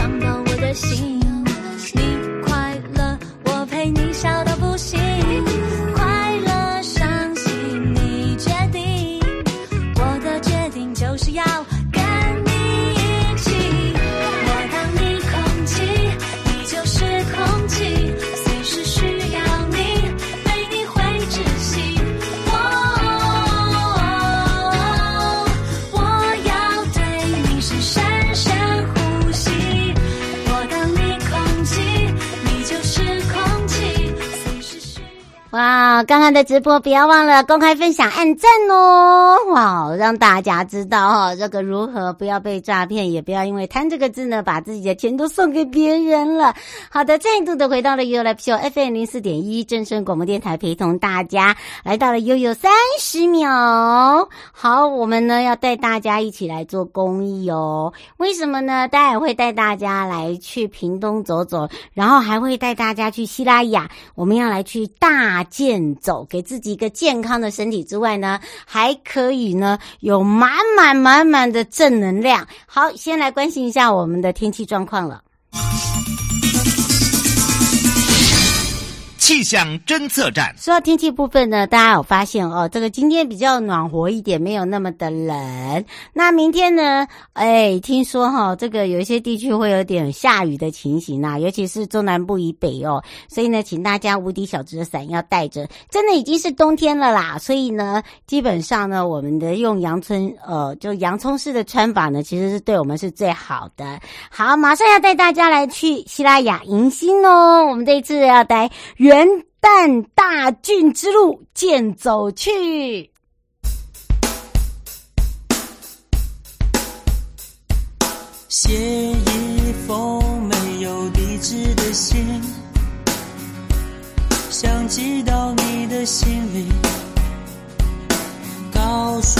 想到。剛剛的直播不要忘了公開分享、按讚哦，哇，讓大家知道哈，哦，這個如何不要被詐騙，也不要因為貪這個字呢，把自己的錢都送給別人了。好的，再一度的回到了 U L P FM 零四點一，正聲廣播電臺，陪同大家來到了悠悠三十秒。好，我們呢要帶大家一起來做公益哦。為什麼呢？待會會帶大家來去屏東走走，然後還會帶大家去西拉雅，我們要來去大圳。走，給自己一個健康的身體之外呢，還可以呢，有滿滿滿滿的正能量。好，先來關心一下我們的天氣狀況了。氣象偵測站，說到天氣部分呢，大家有發現哦，這個今天比較暖和一點，沒有那麼的冷。那明天呢？哎，聽說哈、哦，這個有一些地區會有點下雨的情形啦、啊，尤其是中南部以北哦。所以呢，請大家無敵小子的傘要帶着。真的已經是冬天了啦，所以呢，基本上呢，我們的用洋蔥，呃，就洋蔥式的穿法呢，其實是對我們是最好的。好，馬上要帶大家來去西拉雅迎新哦，我們這一次要帶原。元旦大圳之路健走趣。寫一封沒有地址的信，想寄到你的心裡，告訴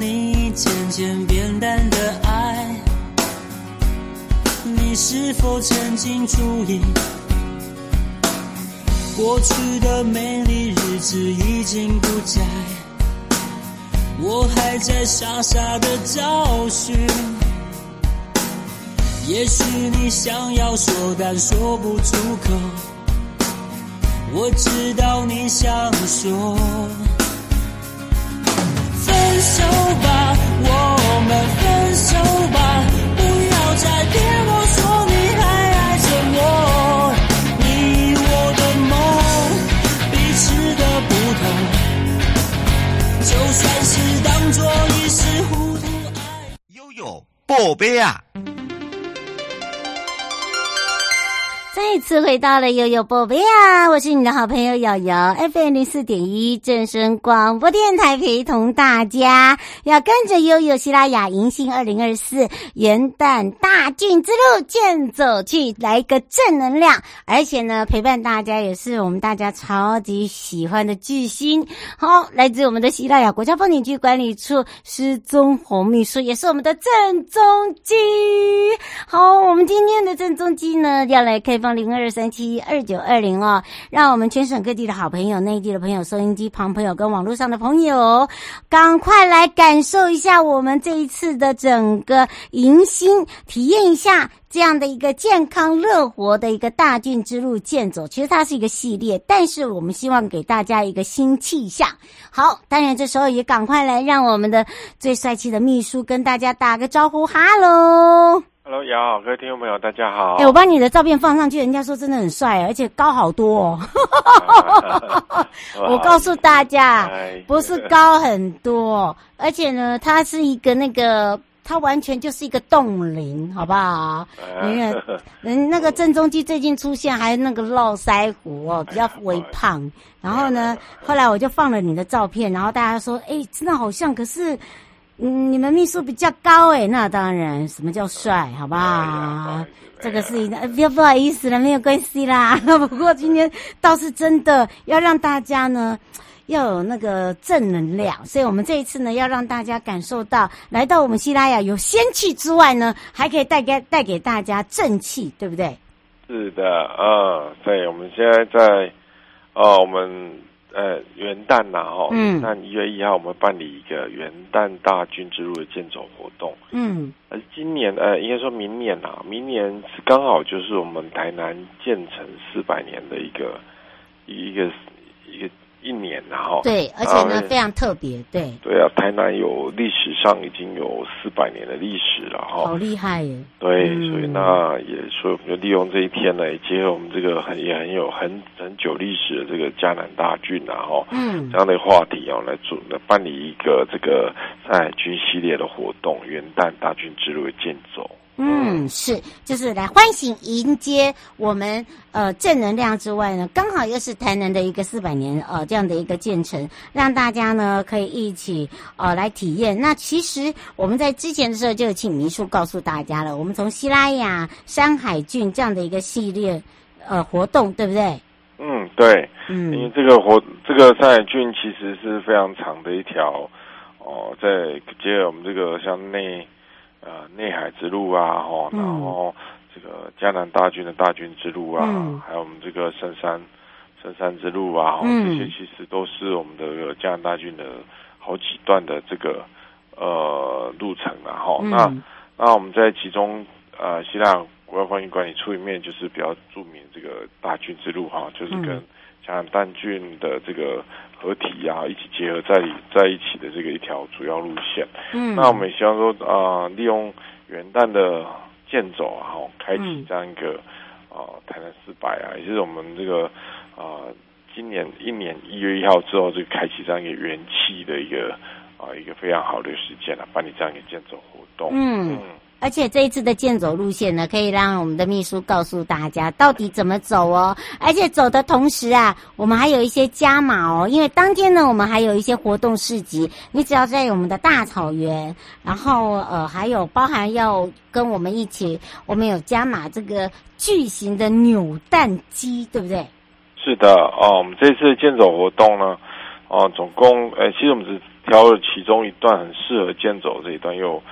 你漸漸變淡的愛，你是否曾經注意？過去的美麗日子已經不再，我還在傻傻的找尋。也許你想要說，但說不出口。我知道你想說，分手吧。寶貝啊！再次回到了悠悠寶貝呀，我是你的好朋友瑤瑤，FM 零四點一正聲廣播電台陪同大家，要跟着悠悠西拉雅迎新二零二四元旦大圳之路健走趣，來一個正能量，而且呢，陪伴大家也是我們大家超級喜歡的巨星。好，來自我們的西拉雅國家風景區管理處施宗泓秘書，也是我們的鄭中基。好，我們今天的鄭中基呢，要來開放領。零二三七二九二零哦，讓我們全省各地的好朋友、內地的朋友、收音機旁朋友跟網絡上的朋友，趕快來感受一下我們這一次的整個迎新，體驗一下這樣的一個健康樂活的一個大圳之路健走。其實它是一個系列，但是我們希望給大家一個新氣象。好，當然這時候也趕快來讓我們的最帥氣的秘書跟大家打個招呼哈嘍！Hello，, Hello 各位聽眾朋友，大家好。哎、欸，我把你的照片放上去，人家說真的很帥，而且高好多，哦。 我告訴大家， 不是高很多，而且呢，他是一個那個，他完全就是一個凍齡，好不好？因為，那個鄭中基最近出現，還有那個絡腮鬍哦，比較微胖。 然後呢， 後來我就放了你的照片，然後大家說，哎、欸，真的好像，可是。嗯，你們秘書比較高誒、欸、那當然，什麼叫帥，好不好？這個是一個，不、嗯、要不好意思了有、呃，沒有關係啦。不過今天倒是真的要讓大家呢，要有那個正能量，對所以我們這一次呢，要讓大家感受到來到我們西拉雅有仙氣之外呢，還可以帶給帶給大家正氣，對不對？是的啊，對，我們現在在，啊我們。呃，元旦吶、啊、哈、哦，那一月一號我們辦理一個元旦大圳之路的健走活動。嗯，而今年呃，應該說明年啊，明年剛好就是我們台南建城四百年的一個一個。一年然吼、哦，對，而且呢、啊、非常特別，對，對啊，台南有歷史上已經有四百年的歷史了、哦，吼，好厲害耶，對、嗯，所呢，所以那也說就利用這一天呢，也結合我們這個很也很有很很久歷史的這個嘉南大圳然後嗯，這樣的話題啊、哦、來做來辦理一個這個在軍系列的活動，元旦大圳之路的健走。嗯，是，就是來歡迎迎接我們呃正能量之外呢，剛好又是台南的一個四百年呃這樣的一個建城，讓大家呢可以一起呃來體驗。那其實我們在之前的時候就有請民宿告訴大家了，我們從西拉雅山海圳這樣的一個系列呃活動，對不對？嗯，對，嗯，因為這個活這個山海圳其實是非常長的一條哦、呃，在接我們這個像內。呃，內海之路啊，吼，然後這個嘉南大圳的大圳之路啊，嗯、還有我們這個聖山，聖山之路啊，吼，嗯、這些其實都是我們的嘉南大圳的好幾段的這個呃路程啊吼。那、嗯、那我們在其中呃，希臘。主要防疫管理處一面就是比較著名的這個大圳之路哈、啊，就是跟嘉南大圳的這個合體啊，一起結合在在一起的這個一條主要路線。嗯，那我們也希望說啊、呃，利用元旦的健走啊，開啟這樣一個啊、嗯呃，台南四百啊，也就是我們這個啊、呃，今年一年一月一號之後就開啟這樣一個元氣的一個啊、呃，一個非常好的時間啊，辦理這樣一個健走活動。嗯。嗯而且這一次的健走路線呢，可以讓我們的秘書告訴大家到底怎麼走哦。而且走的同時啊，我們還有一些加碼哦，因為當天呢，我們還有一些活動市集。你只要在我們的大草原，然後呃，還有包含要跟我們一起，我們有加碼這個巨型的扭蛋機，對不對？是的哦，我們這次的健走活動呢，哦，總共誒、欸，其實我們只挑了其中一段很適合健走這一段又。因為我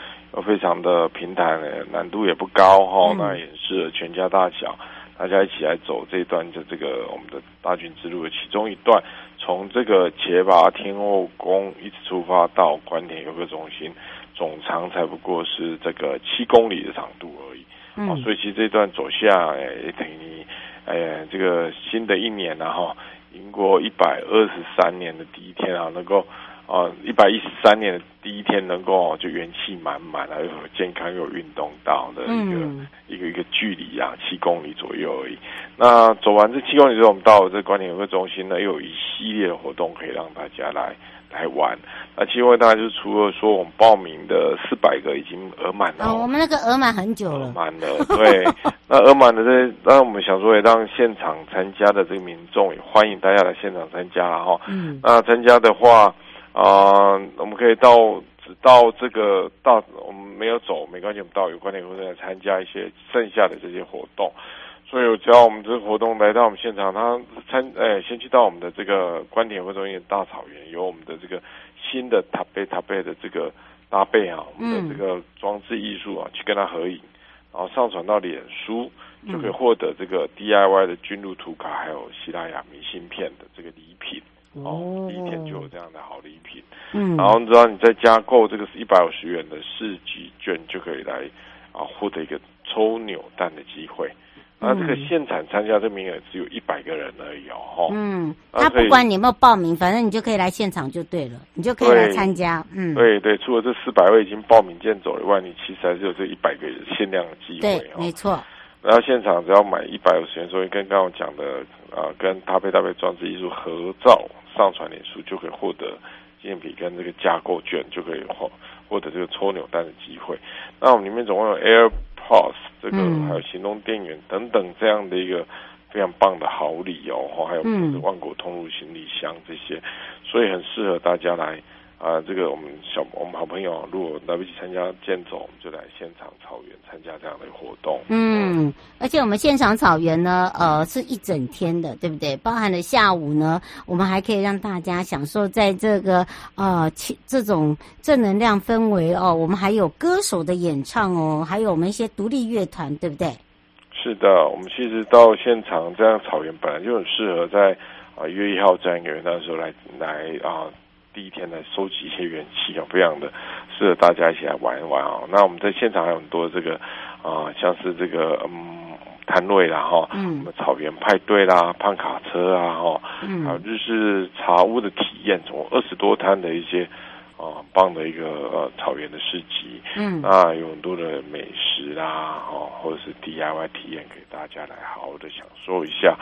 非常的平坦，難度也不高哈，嗯、那也是全家大小大家一起來走這一段，就這個我們的大圳之路的其中一段，從這個茄拔天後宮一直出發到官田遊客中心，總長才不過是這個七公里的長度而已，啊、嗯，所以其實這段走下也等於呃、哎、這個新的一年了、啊、哈，民國一百二十三年的第一天啊能夠。啊一百一十三年的第一天能，能、哦、夠就元氣滿滿啊，又健康又運動到的一個、嗯、一個一個距離啊，七公里左右而已。那走完這七公里之後，我們到了這官田遊客中心呢，又有一系列的活動可以讓大家來來玩。那七位大就是除了說我們報名的四百個已經額滿了、哦哦、我們那個額滿很久了，滿了 對。那額滿的這，那我們想說也讓現場參加的這個民眾也歡迎大家來現場參加哈、哦。嗯。那參加的話，啊、呃，我們可以到，到這個到我們沒有走，沒關係，我們到有關點會中心參加一些剩下的這些活動。所以我只要我們這個活動來到我們現場，他參，哎、欸，先去到我們的這個觀點會中心大草原，有我們的這個新的塔貝塔貝的這個搭配啊，嗯、我們的這個裝置藝術啊，去跟他合影，然後上傳到臉書，就可以獲得這個 DIY 的軍路圖卡，嗯、還有西拉雅明信片的這個禮品。哦，第一天就有這樣的好禮品，嗯，然後你知道你再加購這個是一百五十元的市集券，就可以來啊獲得一個抽扭蛋的機會。那、嗯、這個現場參加這名額只有一百個人而已哦，哦嗯，那不管你有沒有報名，反正你就可以來現場就對了，你就可以來參加，對嗯，對，對對，除了這四百位已經報名健走了以外，你其實還是有這一百個人限量的機會、哦，對，沒錯。然後現場只要買一百五十元，所以跟剛剛我講的啊、呃，跟搭配搭配裝置藝術合照上傳臉書，就可以獲得紀念品，跟這個加購券就可以獲、哦，獲得這個抽扭蛋的機會。那我們裡面總共有 AirPods 這個，還有行動電源等等這樣的一個非常棒的好禮哦，還有就是萬國通路行李箱這些，所以很適合大家來。啊，這個我們小我們好朋友、啊、如果來不及參加健走，我們就來現場草原參加這樣的活動。嗯，嗯，而且我們現場草原呢，呃，是一整天的，對不對？包含了下午呢，我們還可以讓大家享受在這個呃這種正能量氛圍哦。我們還有歌手的演唱哦，還有我們一些獨立樂團，對不對？是的，我們其實到現場這樣草原本來就很適合在啊、呃、一月一號這樣一個時候來來啊。呃第一天來收集一些元氣啊，非常的適合大家一起來玩一玩啊。那我們在現場還有很多這個啊、呃，像是這個嗯攤位啦哈，什麼、嗯、草原派對啦、胖卡車啊哈，還、呃、有、嗯、日式茶屋的體驗，從二十多攤的一些。啊，棒的一個呃草原的市集，嗯，那有很多的美食啦，哦，或者是 DIY 體驗給大家來好好的享受一下。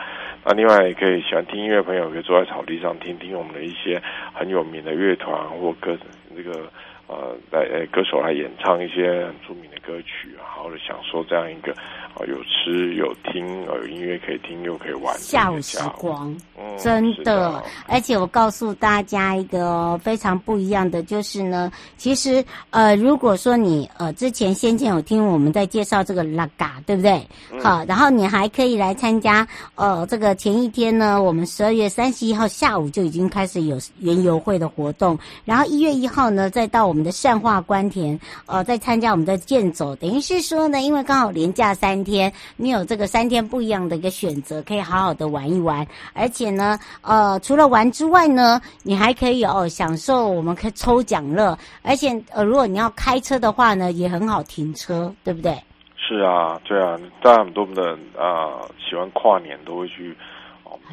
那另外，也可以喜歡聽音樂的朋友，可以坐在草地上聽聽我們的一些很有名的樂團或歌那、這個。呃，來呃、哎，歌手來演唱一些很著名的歌曲、啊，好好的享受這樣一個啊、呃，有吃有聽，呃，有音樂可以聽，又可以玩，下午時光，嗯、真的，的而且我告訴大家一個非常不一樣的，就是呢，其實呃，如果說你呃之前先前有聽我們在介紹這個拉嘎，對不對？好、嗯呃，然後你還可以來參加，呃，這個前一天呢，我們十二月三十一號下午就已經開始有園遊會的活動，然後一月一號呢，再到我們。我們的善化官田呃，在參加我們的健走，等於是說呢，因為剛好連假三天，你有這個三天不一樣的一個選擇，可以好好的玩一玩。而且呢，呃，除了玩之外呢，你還可以哦、呃、享受我們可以抽獎樂。而且呃，如果你要開車的話呢，也很好停車，對不對？是啊，對啊，但很多人啊、呃、喜歡跨年都會去。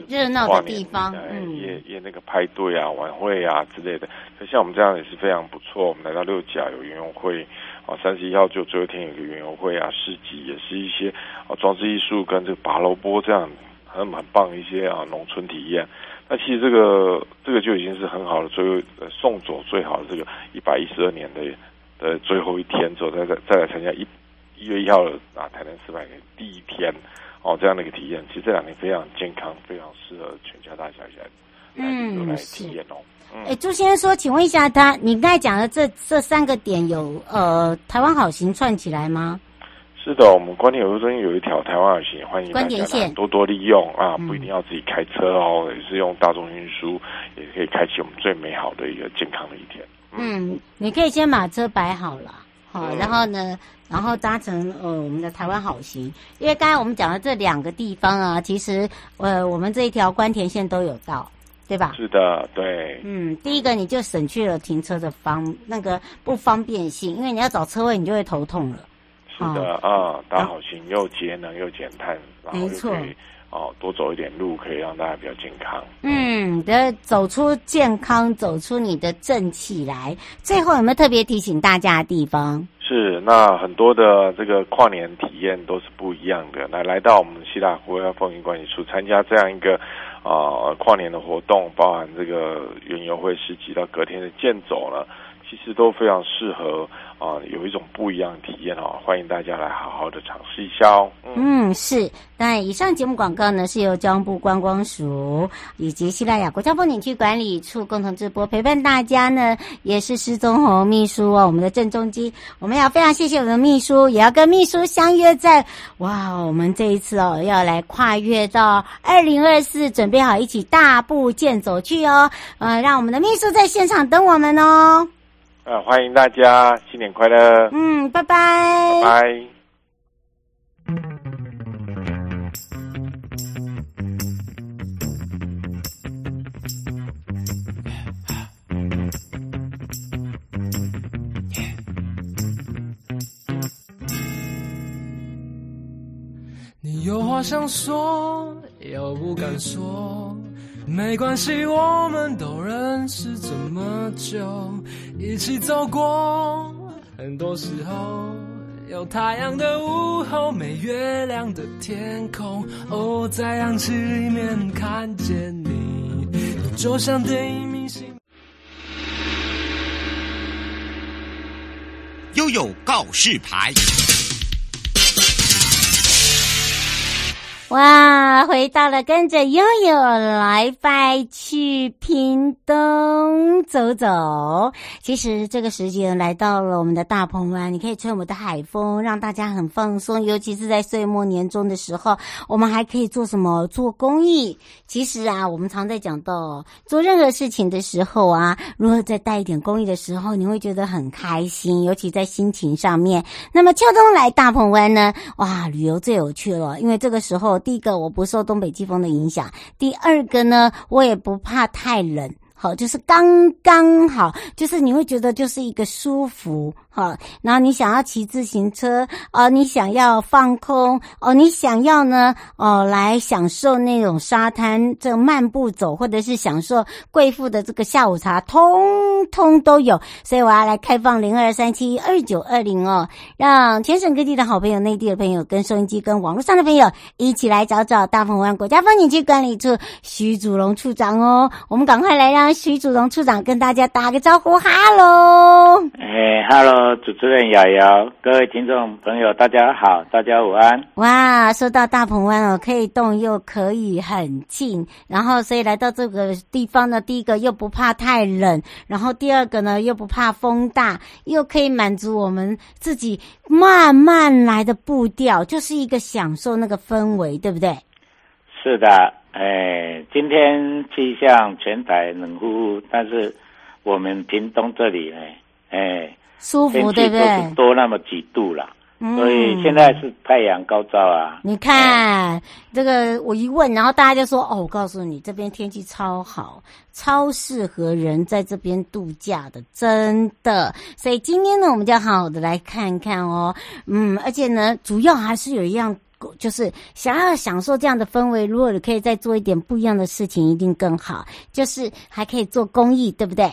熱鬧、啊、的地方，嗯，也也那個派對啊、晚會啊之類的，就像我們這樣也是非常不錯。我們來到六甲有園遊會啊，三十一號就最後一天有一個園遊會啊，市集也是一些啊裝置藝術跟這個拔蘿蔔這樣很，很很棒一些啊農村體驗。那其實這個這個就已經是很好的，最後呃送走最好的這個一百一十二年的的最後一天，之後再再再來參加一。一月一號的，啊，台南四百年第一天哦，這樣的一個體驗，其實這兩天非常健康，非常適合全家大小一起來，嗯，來，是來體驗哦。哎、嗯，朱先生說，請問一下他，他你剛才講的這這三個點有，有呃，臺灣好行串起來嗎？是的，我們觀光旅遊中心有一條臺灣好行，歡迎觀點線多多利用啊，不一定要自己開車哦，嗯、也是用大眾運輸，也可以開啟我們最美好的一個健康的一天。嗯，嗯，你可以先把車擺好了。然後呢？嗯、然後搭乘呃我們的台灣好行，因為剛才我們講的這兩個地方啊，其實呃我們這一條關田線都有到，對吧？是的，對。嗯，第一個你就省去了停車的方那個不方便性，嗯、因為你要找車位你就會頭痛了。是的、哦、啊，搭好行又節能又減碳，沒錯。哦，多走一點路可以讓大家比較健康。嗯，的、嗯、走出健康，走出你的正氣來。最後有沒有特別提醒大家的地方？是那很多的這個跨年體驗都是不一樣的。來來到我們西拉雅國家風景區管理處參加這樣一個啊、呃、跨年的活動，包含這個園遊會，是直到隔天的健走了。其實都非常適合啊、呃，有一種不一樣的體驗哦，歡迎大家來好好的嘗試一下哦。嗯，嗯，是。那以上節目廣告呢，是由交通部觀光署以及西拉雅國家風景區管理處共同直播陪伴大家呢，也是施宗泓秘書哦，我們的鄭中基，我們要非常謝謝我們的秘書，也要跟秘書相約在。哇，我們這一次哦，要來跨越到二零二四，準備好一起大步健走去哦。呃，讓我們的秘書在現場等我們哦。啊、呃，歡迎大家，新年快樂！嗯，拜拜，拜拜。你有話想說，又不敢說，沒關係，我們都認識這麼久。一起走過，很多時候有太陽的午後，沒月亮的天空，哦、oh，在氧氣裡面看見你，你就像電影明星。YOYO 告示牌。哇，回到了跟着 YOYO 來 Bike 去屏東走走。其實這個時間來到了我們的大鵬灣，你可以吹我們的海風，讓大家很放鬆。尤其是在歲末年終的時候，我們還可以做什麼？做公益。其實啊，我們常在講到做任何事情的時候啊，如果再帶一點公益的時候，你會覺得很開心，尤其在心情上面。那麼秋冬來大鵬灣呢？哇，旅遊最有趣了，因為這個時候。第一個，我不受東北季風的影響，第二個呢，我也不怕太冷。好，就是剛剛好，就是你會覺得就是一個舒服。好，然後你想要騎自行車，哦、呃，你想要放空，哦、呃，你想要呢，哦、呃，來享受那種沙灘這個、漫步走，或者是享受貴婦的這個下午茶，通通都有。所以我要來開放零二三七二九二零哦，讓全省各地的好朋友、內地的朋友跟收音機、跟網絡上的朋友一起來找找大鵬灣國家風景區管理處許主龍處長哦。我們趕快來讓許主龍處長跟大家打個招呼，哈嘍，哎，哈嘍。主持人瑤瑤，各位聽眾朋友，大家好，大家午安。哇，說到大鵬灣哦，可以動又可以很靜，然後所以來到這個地方呢，第一個又不怕太冷，然後第二個呢又不怕風大，又可以滿足我們自己慢慢來的步調，就是一個享受那個氛圍，對不對？是的，哎，今天氣象全台冷呼呼，但是我們屏東這裡呢，哎。舒服，對不對？多那麼幾度啦。嗯、所以現在是太陽高照啊。你看、嗯、這個，我一問，然後大家就說：“哦，我告訴你，這邊天氣超好，超適合人在這邊度假的，真的。”所以今天呢，我們就好好的來看看哦、喔。嗯，而且呢，主要還是有一樣，就是想要享受這樣的氛圍。如果你可以再做一點不一樣的事情，一定更好。就是還可以做公益，對不對？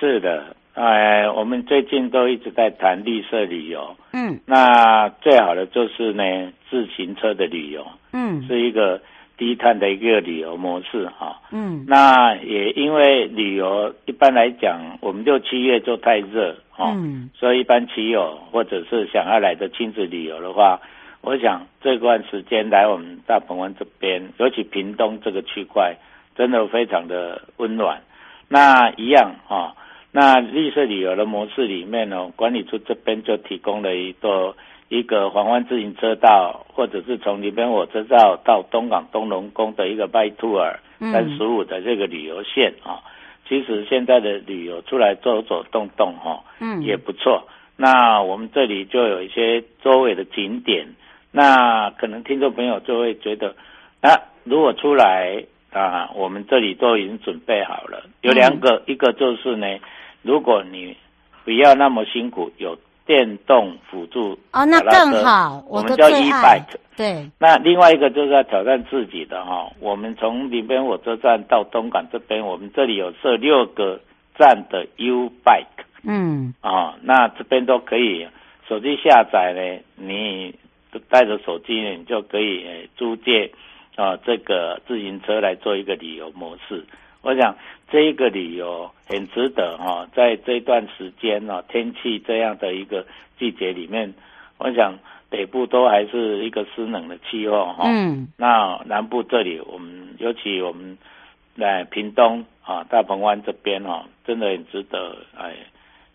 是的。呃、哎，我們最近都一直在談綠色旅遊，嗯，那最好的就是呢，自行車的旅遊，嗯，是一個低碳的一個旅遊模式哈，嗯，那也因為旅遊一般來講，我們六七月就太熱，哦、嗯，所以一般騎友或者是想要來的親子旅遊的話，我想這段時間來我們大鵬灣這邊，尤其屏東這個區塊，真的非常的溫暖，那一樣啊。哦那綠色旅遊的模式裡面呢、哦，管理處這邊就提供了一個一個環灣自行車道，或者是從林邊火車站到東港東隆宮的一個 by tour 三十五的這個旅遊線啊、哦。其實現在的旅遊出來走走動動哈、哦，嗯，也不錯。那我們這裡就有一些周圍的景點，那可能聽眾朋友就會覺得，啊，如果出來啊，我們這裡都已經準備好了，有兩個，嗯、一個就是呢。如果你不要那麼辛苦，有電動輔助，哦，那更好，我的最愛。我們叫 E-Bike，對。那另外一個就是要挑戰自己的哈，我們從林邊火車站到東港這邊，我們這裡有設六個站的 U-Bike。嗯。啊、哦，那這邊都可以，手機下載呢，你帶着手機呢，你就可以租借啊這個自行車來做一個旅遊模式。我想這一個旅遊很值得哈，哦，在這段時間呢，哦，天氣這樣的一個季節裡面，我想北部都還是一個濕冷的氣候哈。哦，嗯。那，哦，南部這裡，我們尤其我們，在，哎，屏東啊，哦，大鵬灣這邊哈，哦，真的很值得哎，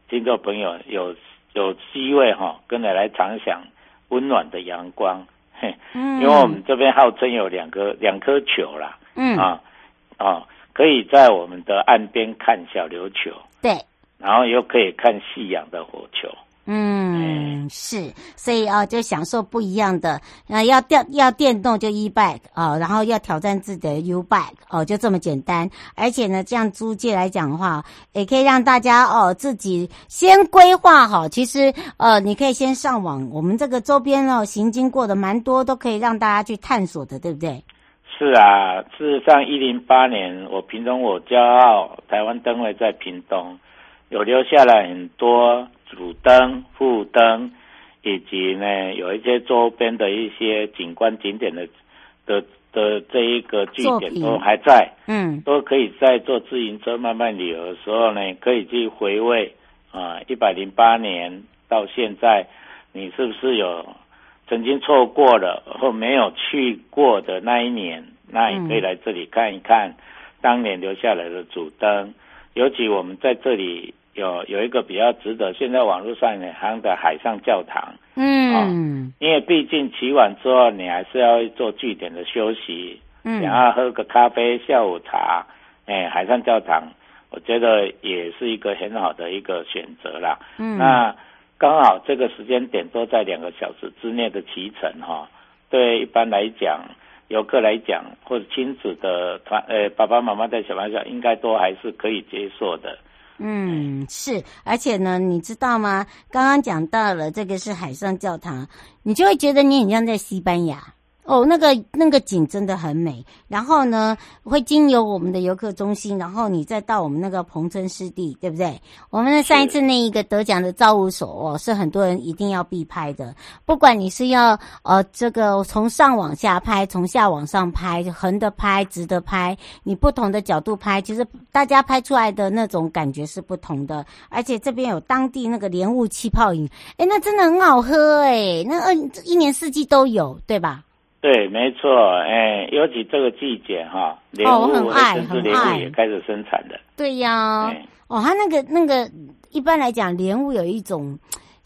聽眾朋友有有，有機會哈，哦，跟著來嚐嚐溫暖的陽光，嘿。嗯。因為我們這邊號稱有兩顆兩顆球啦。嗯。啊啊。哦可以在我們的岸邊看小琉球，對，然後又可以看夕陽的火球。嗯，哎、是，所以啊，就享受不一樣的。那要電要電動就 E bike 哦，然後要挑戰自己的 U bike 哦、啊，就這麼簡單。而且呢，這樣租借來講的話，也可以讓大家哦、啊、自己先規劃好。其實呃、啊，你可以先上網，我們這個周邊哦、啊、行經過的蠻多，都可以讓大家去探索的，對不對？是啊，事實上一零八年，我屏東我驕傲，台灣燈會在屏東，有留下了很多主燈、副燈，以及呢有一些周邊的一些景觀景點的的的、的這一個據點都還在，嗯，都可以在坐自行車慢慢旅遊的時候呢，可以去回味啊，一百零八年到現在，你是不是有曾經錯過了或沒有去過的那一年，那你可以來這裡看一看當年留下來的主燈。尤其我們在這裡有有一個比較值得，現在網絡上很行的海上教堂。嗯、啊，因為畢竟起晚之後你還是要做據點的休息，想然後喝個咖啡，下午茶，哎，海上教堂，我覺得也是一個很好的一個選擇啦。嗯，那。剛好這個時間點都在兩個小時之內的騎程哈，對一般來講，遊客來講或者親子的團，呃，爸爸媽媽帶小朋友應該都還是可以接受的。嗯，是，而且呢，你知道嗎？剛剛講到了這個是海上教堂，你就會覺得你很像在西班牙。哦，那個那個景真的很美。然後呢，會經由我們的遊客中心，然後你再到我們那個彭村濕地，對不對？我們的上一次那一個得獎的造物所、哦，是很多人一定要必拍的。不管你是要呃這個從上往下拍，從下往上拍，橫的拍，直的拍，你不同的角度拍，其實大家拍出來的那種感覺是不同的。而且這邊有當地那個蓮霧氣泡飲，哎，那真的很好喝誒、欸，那二一年四季都有，對吧？對，沒錯，哎、欸，尤其這個季節哈，蓮霧、哦、很愛也開始生產的。對呀、啊，欸、哦，它那個那個，一般來講，蓮霧有一種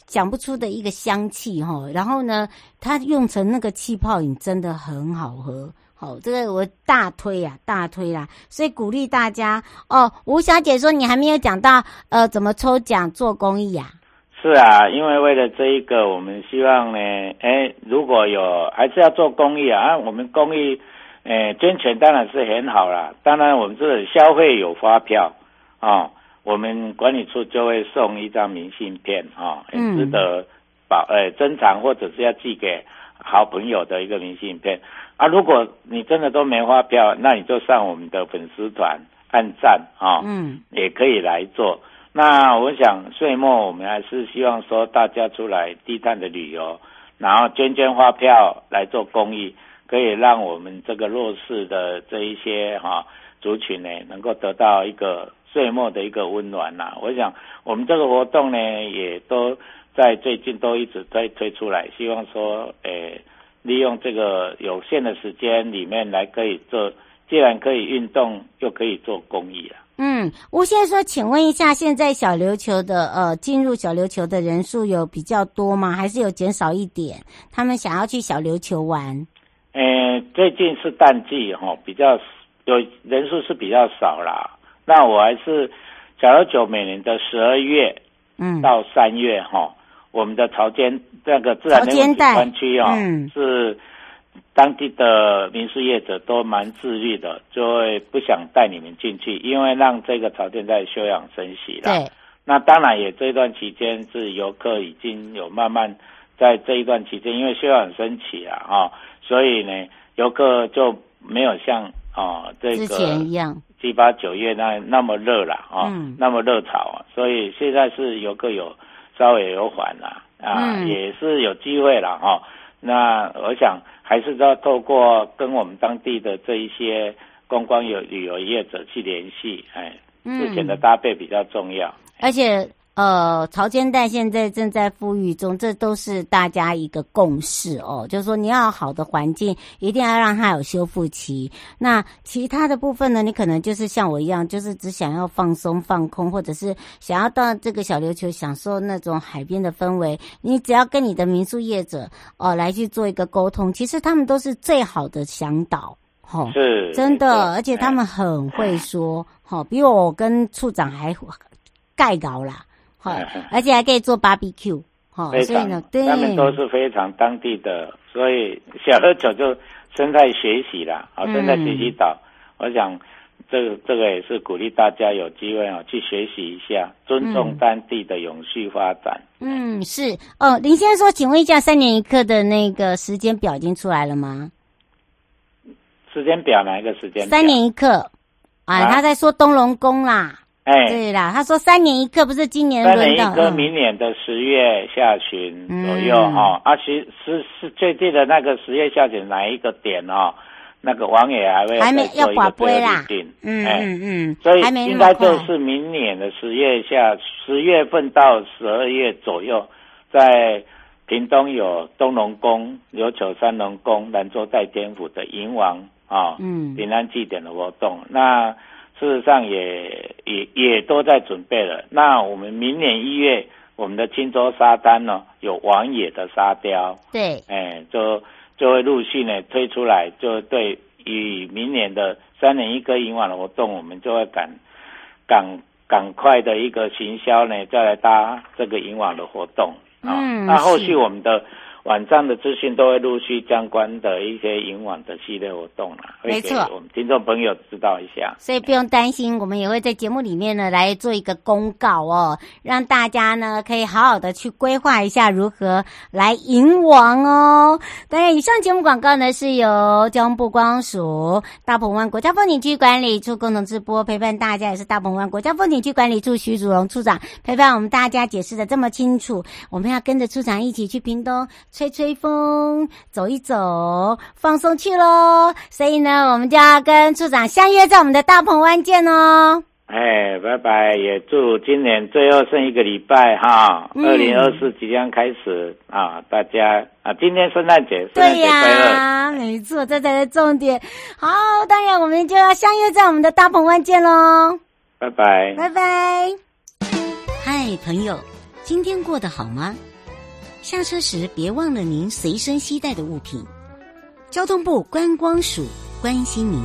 講不出的一個香氣哈。然後呢，它用成那個氣泡飲真的很好喝，好，這個我大推呀、啊，大推啦、啊。所以鼓勵大家哦。吳小姐說，你還沒有講到呃，怎麼抽獎做公益啊？是啊，因為為了這一個，我們希望呢，哎，如果有還是要做公益啊，啊我們公益，哎，捐錢當然是很好啦。當然，我們這個消費有發票啊、哦，我們管理處就會送一張明信片啊，很、哦、值得保，哎，珍藏或者是要寄給好朋友的一個明信片啊。如果你真的都沒發票，那你就上我們的粉絲團按讚啊，哦、嗯，也可以來做。那我想歲末，我們還是希望說大家出來低碳的旅遊，然後捐捐發票來做公益，可以讓我們這個弱勢的這一些哈、啊、族群呢，能夠得到一個歲末的一個溫暖吶、啊。我想我們這個活動呢，也都在最近都一直在推，推出來，希望說誒、呃，利用這個有限的時間裡面來可以做，既然可以運動，又可以做公益了、啊。嗯，吳先生，請問一下，現在小琉球的呃，進入小琉球的人數有比較多嗎？還是有減少一點？他們想要去小琉球玩？嗯、呃，最近是淡季哈、哦，比較有人數是比較少啦。那我還是，小琉球每年的十二月、月，嗯，到三月哈，我們的潮間這、那個自然風景區啊、嗯哦，是。當地的民宿業者都蠻自律的，就會不想帶你們進去，因為讓這個朝天在休養生息啦。對那當然也，這一段期間是遊客已經有慢慢在這一段期間，因為休養生息啊，哈、哦，所以呢，遊客就沒有像啊、哦、這個之前一樣七八九月那那麼熱了啊，那麼熱、哦嗯、那麼熱潮啊，所以現在是遊客有稍微有緩了啊，嗯、也是有機會了啊。哦那我想還是要透過跟我們當地的這一些觀光遊旅遊業者去聯繫，哎，之、嗯、前的搭配比較重要，而且。呃，潮間帶現在正在復育中，這都是大家一個共識哦。就是說，你要好的環境，一定要讓它有修復期。那其他的部分呢？你可能就是像我一樣，就是只想要放鬆、放空，或者是想要到這個小琉球享受那種海邊的氛圍。你只要跟你的民宿業者哦、呃、來去做一個溝通，其實他們都是最好的向導，吼、哦，是真的，而且他們很會說，好、哦，比我跟處長還蓋高啦。哦、而且還可以做 BBQ、哦、非常，對他們都是非常當地的，所以小喝酒就生態學習了，啊、哦，生態學習島，嗯、我想這個這個也是鼓勵大家有機會啊、哦、去學習一下，尊重當地的永續發展嗯。嗯，是，哦，林先生說，請問一下，三年一科的那個時間表已經出來了嗎？時間表哪一個時間？三年一科，啊，他、啊、在說東隆宮啦。哎，欸、對啦，他說三年一科不是今年，三年一科，明年的十月下旬左右哈，而且，嗯啊、十是最近的那個十月下旬哪一個點哈，哦，那個王爺還會還沒，還要特別啦。嗯嗯嗯，欸、嗯嗯所以應該就是明年的十月下十月份到十二月左右，在屏東有東隆宮、有琉球三隆宮、南州代天府的迎王啊，嗯、平安祭典的活動那。事實上也，也也也都在準備了。那我們明年一月，我們的青州沙灘呢，有王爺的沙雕，對，哎、欸，就就會陸續呢推出來，就對，於明年的三年一個迎王的活動，我們就會趕趕趕快的一個行銷呢，再來搭這個迎王的活動啊。嗯、那後續我們的。晚上的資訊都會陸續相關的一些迎新的系列活動啦，沒錯，我們聽眾朋友知道一下。錯嗯、所以不用擔心，我們也會在節目裡面呢來做一個公告哦，讓大家呢可以好好的去規劃一下如何來迎新哦。當然，以上節目廣告呢是由交通部觀光署大鵬灣國家風景區管理處共同直播，陪伴大家也是大鵬灣國家風景區管理處許主龍處長陪伴我們大家解釋得這麼清楚，我們要跟着處長一起去屏東。吹吹風，走一走，放鬆去嘍。所以呢，我們就要跟處長相約在我們的大鵬灣見嘍。哎，拜拜！也祝今年最後剩一個禮拜哈，二零二四即將開始啊，大家啊，今天聖誕節，聖誕節快樂，對呀，沒錯，這才是重點。好，當然我們就要相約在我們的大鵬灣見嘍。拜拜，拜拜。嗨，朋友，今天過得好嗎？下車時別忘了您隨身攜帶的物品。交通部觀光署關心您。